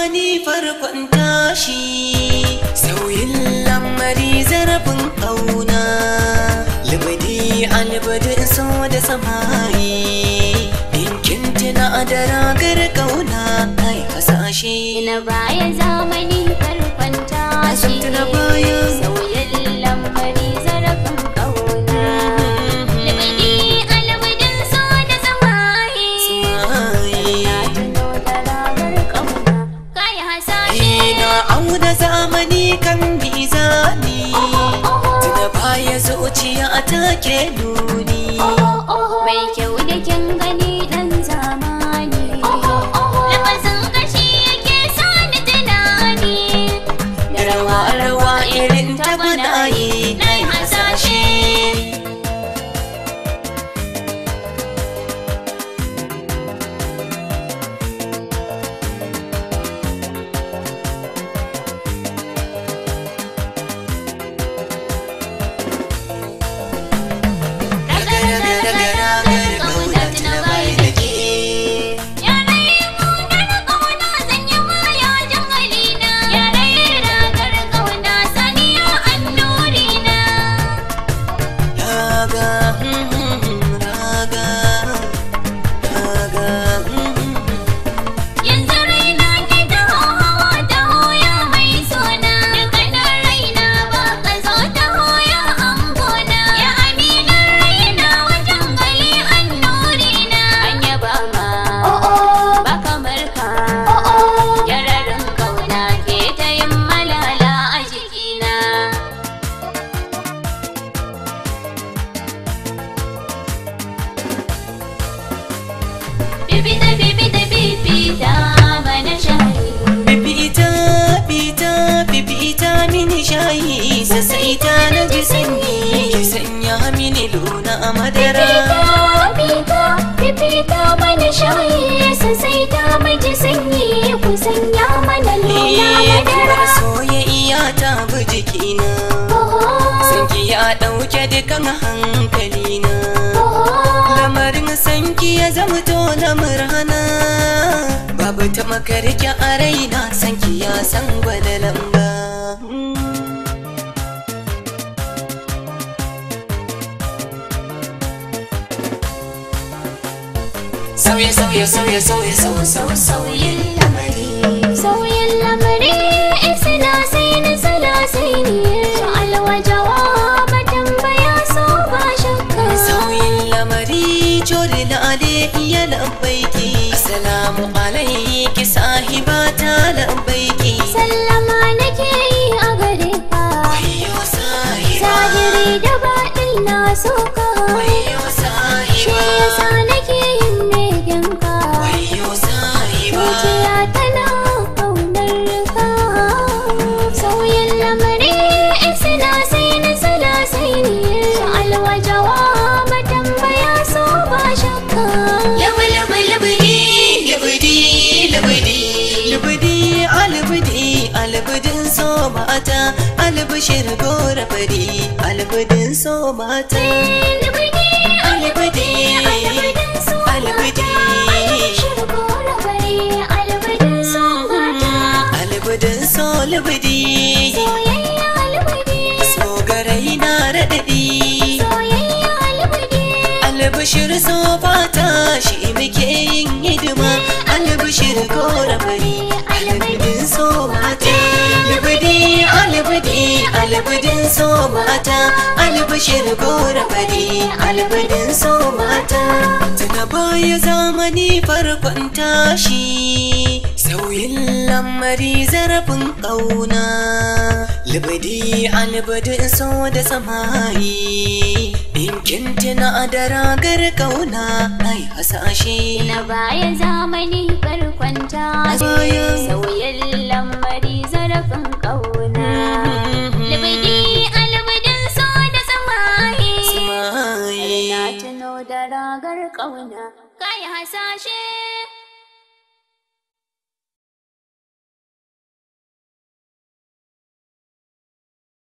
zamani farkon tashi sauyin lamari zarafin ƙauna labadi albadin so da samari ɗinkin tuna da ragar ƙauna ai hasashe na baya zamani farkon tashi ke duni mai kyau da kyan gani dan zamani lafazin gashi yake sani tunani da rawa rawa irin ta gwanaye ji sanyi ki sanya mini luna a madara fifita fifita mana shayi su sai ta miji sanyi ku sanya mana luna a eh, madara iya ta bi jikina sanki ya dauke dukan hankalina lamarin sanki ya zamto lamurana babu ta makarki a raina sanki ya san gwada sauye sauye sauye sauye sauye sauye lamari sauyin lamari isla sai sala sai ni alwa tambaya so ba shakka lamari jorin ale iya lambaiki salamu alaiki so mata albishir gora fari albidin so mata albidin so raɗaɗi fata shi muke yin hidima albishir gora fari albidin so mata albishir gora fari albidin so mata tuna baya zamani farkon tashi sauyin lamari zarafin ƙauna libidi albidin so da samari Dinkin tuna da ragar kauna ai hasashe na baya zamani farkon tashi matukar ƙauna. Kai hasashe